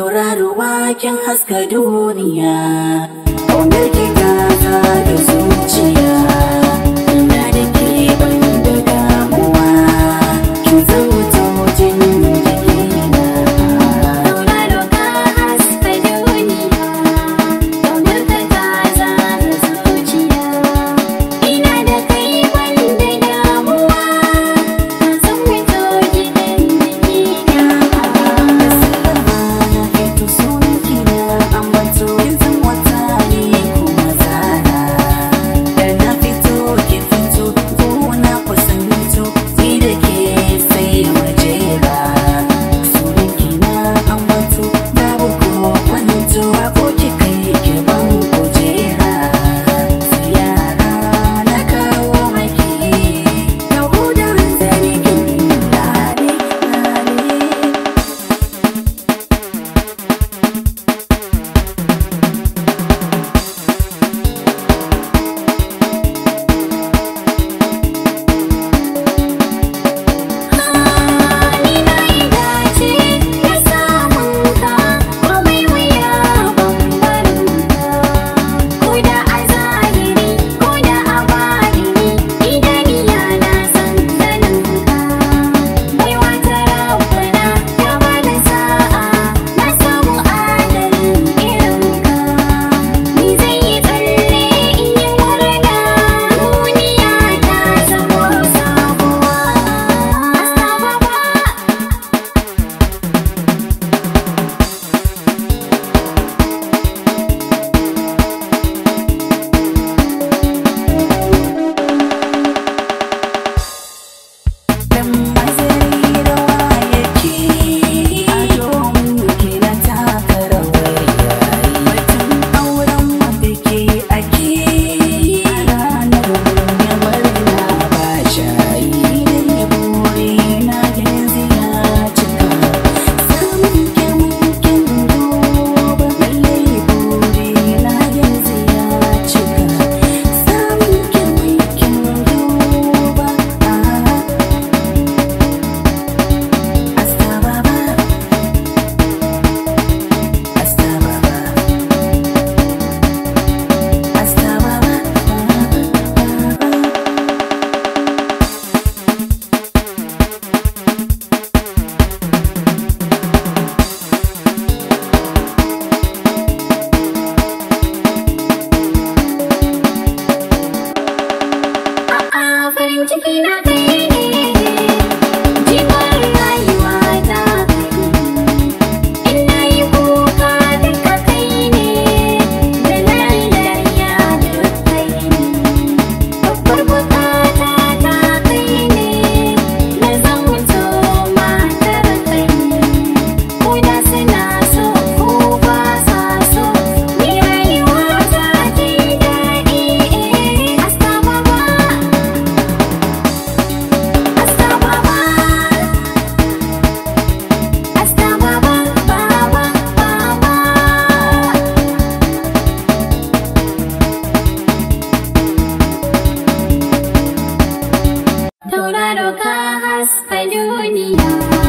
sauraro waken haska duniya ƙaunar ki ta da zuciya Ina a